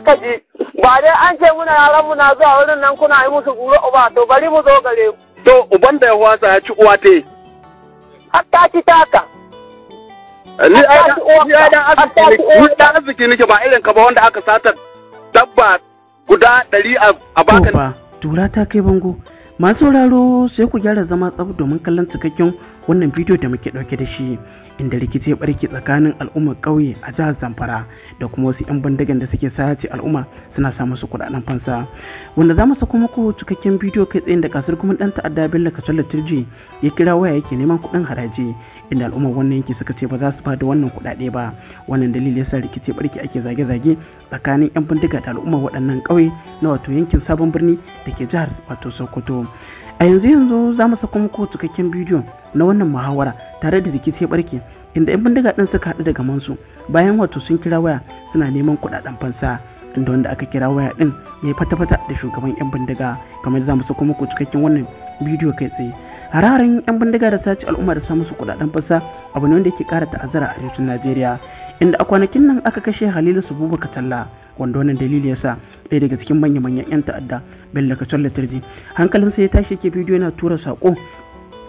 aka ji ba dai an ce muna yaran mu na zuwa wurin nan kuna yi musu guro uba to bari mu zo gare mu. to uban da ya wasa ya ci uwa te hatta ci taka ni ai da arziki nake ba irin ka ba wanda aka satar dabba guda ɗari a bakan tura ta kai bango masu sauraro sai ku gyara zama tsab domin kallon cikakken wannan bidiyo da muke ɗauke da shi inda rikici ya barke tsakanin al'ummar ƙauye a jihar zamfara da kuma wasu 'yan bandagan da suke sace al'umma suna sa musu kuɗaɗen fansa wanda za mu sako muku cikakken bidiyo kai tsayin da kasar kuma ɗan ta'adda bello kacalla turji ya kira waya yake neman kuɗin haraji inda al'ummar wannan yanki suka ce ba za su bada wannan kuɗaɗe ba wannan dalili yasa rikici barke ake zage-zage tsakanin 'yan bindiga da al'ummar waɗannan ƙauye na wato yankin sabon birni da ke jihar wato sokoto a yanzu yanzu za mu sako muku cikakken bidiyo na wannan muhawara tare da rikici barke inda 'yan bindiga din suka haɗu da mansu bayan wato sun kira waya suna neman kuɗaɗen fansa inda wanda aka kira waya din ya yi fata-fata da shugaban 'yan bindiga kamar za mu sako muku cikakken wannan bidiyo kai tsaye hararin 'yan bindiga da sace al'umma da samu su kuɗaɗen fansa abu ne wanda yake ƙara ta'azzara a arewacin najeriya inda a kwanakin nan aka kashe halilu sububa katalla wanda wannan dalili ya sa ɗaya daga cikin manya-manyan 'yan ta'adda bello kacon Hankalin hankalinsa ya tashi ke bidiyo yana tura saƙo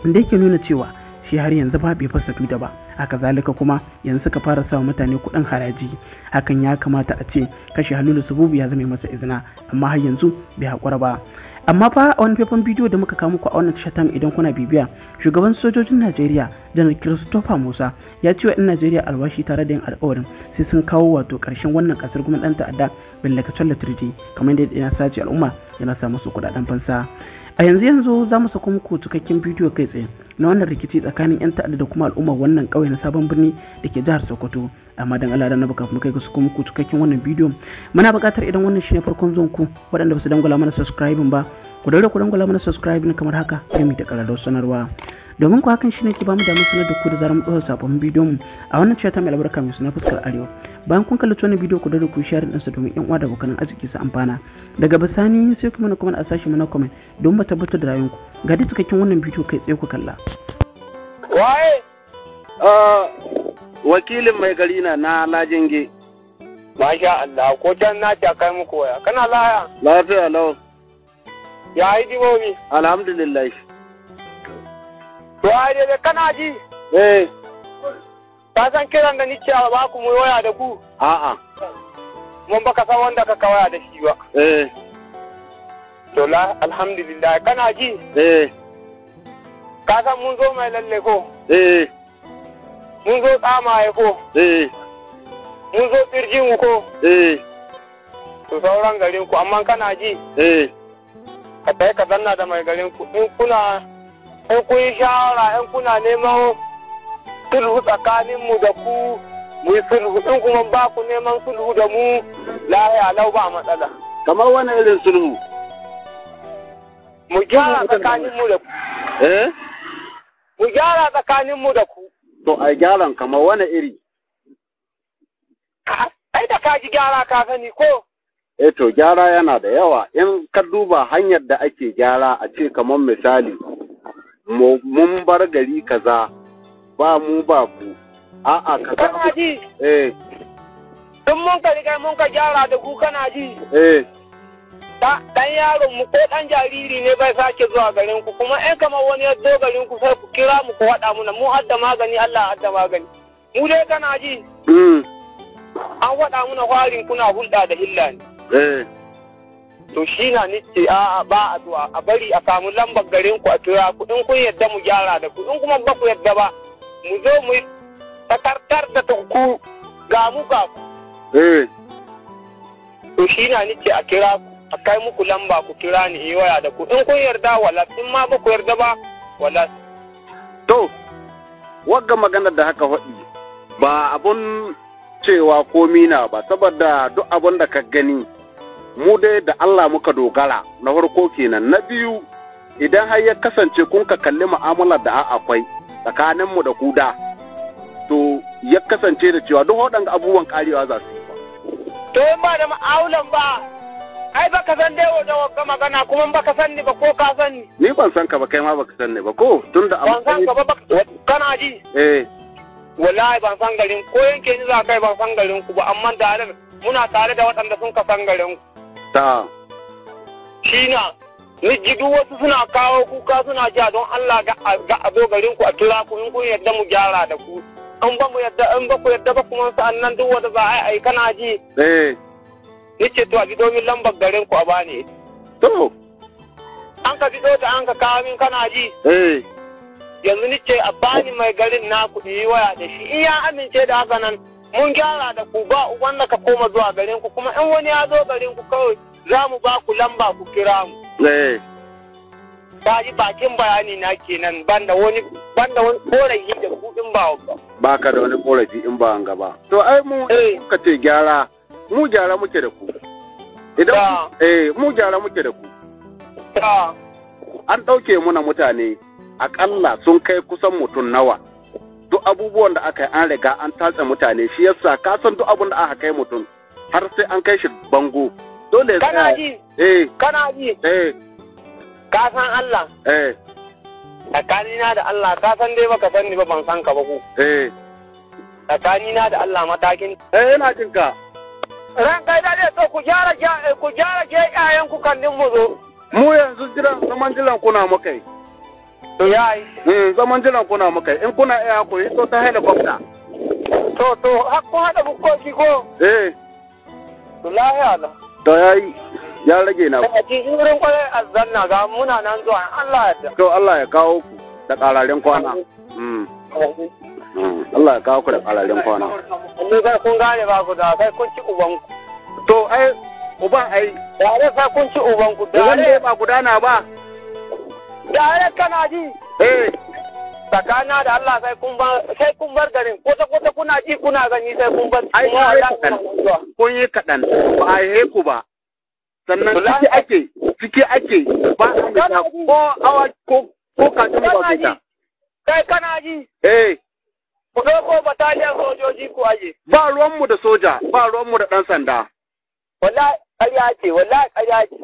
da yake nuna cewa shi har yanzu ba bai fasa da ba haka zalika kuma yanzu suka fara sawa mutane kuɗin haraji hakan ya kamata a ce kashe halulu sububu ya zama masa izina amma har yanzu bai haƙura ba amma fa a wani faifan bidiyo da muka kawo muku a wannan tashar idan kuna bibiya shugaban sojojin najeriya janar christopher musa ya ce wa 'yan najeriya alwashi tare da yin alkawarin sai sun kawo wato karshen wannan kasar kuma dan ta'adda billakacin latirji kamar yadda yana sace al'umma yana samu su kudaden fansa a yanzu yanzu za mu sako muku cikakken bidiyo kai tsaye na wannan rikici tsakanin 'yan ta'adda da kuma al'ummar wannan ƙauye na sabon birni da ke jihar sokoto amma dan Allah na baka kai su kuma ku cikakken wannan bidiyo muna buƙatar idan wannan shine farkon zon ku waɗanda ba su dangwala mana subscribing ba ku daure ku dangwala mana subscribing kamar haka sai mu da ƙararrar sanarwa domin ku hakan shine ke mu damar sanar da ku da zarar mu ɗora sabon bidiyo. mu a wannan cewa ta mai albarka mai suna fuskar arewa bayan kun kalli wannan bidiyo ku da ku share din sa domin yan uwa da abokan arziki su amfana daga bisani sai kuma na comment a sashi mana comment don mu tabbatar da rayuwar ku ga dai cikakken wannan bidiyo kai tsaye ku kalla waye ah, wakilin mai gari na na lajinge masha Allah ko can na ta kai muku waya kana laya lafiya lau ya yi dibobi alhamdulillah to ai dai kana ji eh Ka san kiran da nike ba ku mu waya da ku? A'a. Mun baka san wanda ka waya da shi ba. Eh. To la alhamdulillah kana ji? Eh. Ka san mun zo mai lalle ko? Eh. Mun zo tsama ya ko? Eh. Mun zo tsirjin ko? Eh. To sauran garin ku amma kana ji? Eh. Ka kai ka zanna da mai garin ku in kuna in kun shawara in kuna neman sulhu tsakaninmu da ku mu sulhu din kuma ba ku neman sulhu da mu lahiya lau ba matsala. Kamar wani irin sulhu? Mu gyara mu da ku. Eh? Mu gyara tsakaninmu da ku. To a gyaran kamar wani iri? Ai da ka ji gyara ka sani ko? Eh to gyara yana da yawa in ka duba hanyar da ake gyara a ce kamar misali mun bar gari kaza ba mu ba ku a'a ka kana ji eh dan mun ka riga mun ka gyara da ku kana ji eh dan yaron mu ko dan jariri ne bai sake zuwa garin ku kuma in kamar wani ya zo garin ku sai ku kira mu ku faɗa muna mu hadda magani Allah hadda magani mu dai kana ji hmm. an mu muna kwarin kuna hulɗa da illa ne eh. to shi na nice a ba zuwa a bari a samu lambar garin ku a tura ku in kun yadda mu gyara da ku in kuma ba ku yadda ba mu zo mu fatartar da tunku ga mu ga ku. Eh. To shi na ni ce a kira ku a kai muku lamba ku kira ni in waya da ku in kun yarda wala in ma ba ku yarda ba wala. To wagga maganar da haka faɗi ba abun cewa komi na ba saboda duk abun da ka gani mu dai da Allah muka dogara na farko kenan na biyu idan har ya kasance kun ka kalli mu'amalar da akwai tsakaninmu da ku to ya kasance da cewa duk waɗanda abubuwan karewa za su yi ba. To in ba da ma'aulan ba ai ba ka san dai da wagga magana kuma ba ka san ni ba ko ka san ni. ban san ka ba kai ma ba ka san ni ba ko tun da Ban san ka ba kana ji. Eh. Wallahi ban san garin ko yanke ni za kai ban san garin ku ba amma da muna tare da waɗanda sun ka san garin Ta. Shi na Miji duk wasu suna kawo kuka suna ja don Allah ga a zo garin ku a kira ku in kun yadda mu gyara da ku. An ba mu yadda an ba ku yadda ba kuma sa'an annan duk wanda za a yi kana ji. Eh. Ni ce to a ji domin lambar garin ku a bani. To. An ka fito ta an ka kawo min kana ji. Eh. Yanzu ni ce a bani mai garin na ku yi waya da shi in ya amince da haka nan mun gyara da ku ba wanda ka koma zuwa garin ku kuma in wani ya zo garin ku kawai za mu ba ku lamba ku kira mu. Ba eh. ji bakin bayani na kenan banda wani banda wani korafi da ku in ba ba. Ba ka da wani korafi in ba an gaba. To ai mu eh. ka ce gyara mu gyara muke da ku. Idan eh mu gyara muke da ku. An ɗauke muna mutane aƙalla sun kai kusan mutum nawa. Duk abubuwan da aka yi an riga an tatse mutane shi yasa ka san duk abun da aka kai mutum har sai an kai shi bango. dole kana ji eh kana ji eh ka san Allah eh na da Allah ka san dai baka san ni ba ban san ka ba ku eh na da Allah matakin eh ina jin ka ran kai da to ku gyara eh, ku gyara ke ƴaƴan ku kan din muzo mu yanzu jira zaman jiran kuna muka yi to yayi eh zaman jiran kuna muka yi in kuna iya ku yi to ta helicopter to to hakko ku hada bukkoki ko eh to lahiya Allah To ya yi ya rage na. ku. cikin wurin kwarai azanna ga muna nan zuwa Allah ya To Allah ya kawo ku da ƙararen kwana. Mm. Mm. Allah ya kawo ku da ƙararen kwana. Ni ba kun gane ba ku da kai kun ci ubanku. To ai uban ai. Tare fa kun ci ubanku. Da ba ku dana ba. Da kana ji. Eh. tsakana da Allah sai kun bar sai kun bar garin kwata kwata kuna ji kuna gani sai kun bar ai kun yi kadan ba a yi ku ba sannan ciki ake ciki ake ba a ko awa ko ko ji ba ta kai kana ji eh ku ɗauko bataliyar sojoji ku aje. Ba ruwan mu da soja, ba ruwan mu da ɗan sanda. Wallahi ƙarya ce, wallahi ƙarya ce.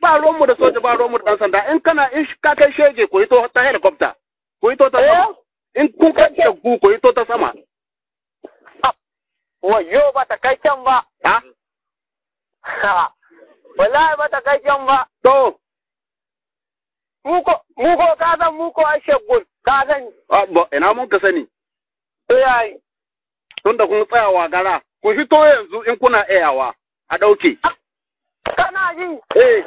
ba mu da soja ba mu da ɗan sanda in kana in ka kai shege ko ito ta helicopter ko ito ta sama eh? in kun kai ku, ko ito ta sama ah. wayo ba ta kai can ba ha wallahi ba ta kai can ba to muko muko ka san muko a shegun ka san ah, ina mun ka sani yayi tunda kun tsayawa gara ku fito yanzu in kuna iyawa a ɗauke. Ah. Kana ji? Eh.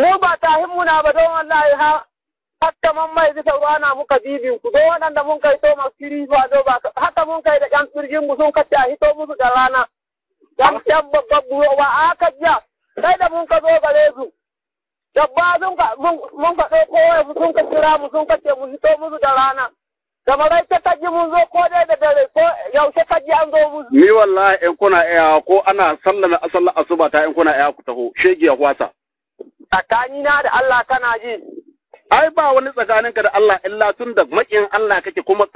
Mu ba ta muna ba don Allah ya hatta man mai bisa ruwa na muka bibin ku don waɗanda mun kai to masu firi zuwa zo ba haka mun kai da ƴan firgin mu sun kace a hito musu da rana. Yan ƴan babban buwa ba a haka jiya sai da mun ka zo gare su. Dabba sun ka mun ka ɗauko waya sun ka kira mu sun kace mu hito musu da rana. kamar ai ta kaji mun zo ko dai da dare ko yaushe kaji an zo mun ni wallahi in kuna iya ko ana sallama asallar asuba ta in kuna iya ku taho shege ya kwasa tsakani na da Allah kana ji ai ba wani tsakaninka da Allah illa tun da makin Allah kake kuma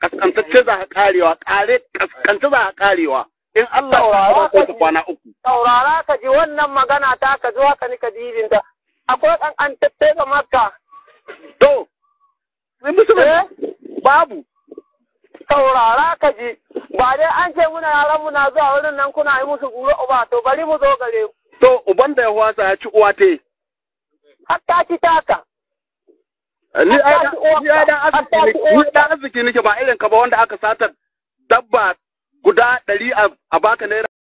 kaskantacce za ka karewa kare kaskantacce za ka karewa in Allah ya ba ka kwana uku saurara ka ji wannan magana ta ka ji haka ni ka ji akwai kan an tattaka maka to musulmi eh? babu saurara ka ji ba dai an ce muna yaran mu na zuwa wurin nan kuna yi musu guru uba to bari mu zo gare mu to uban da ya wasa ya ci uwa te hatta ci taka eh, ni ai da arziki nake ba irin ka ba wanda aka satar, dabba guda ɗari a baka naira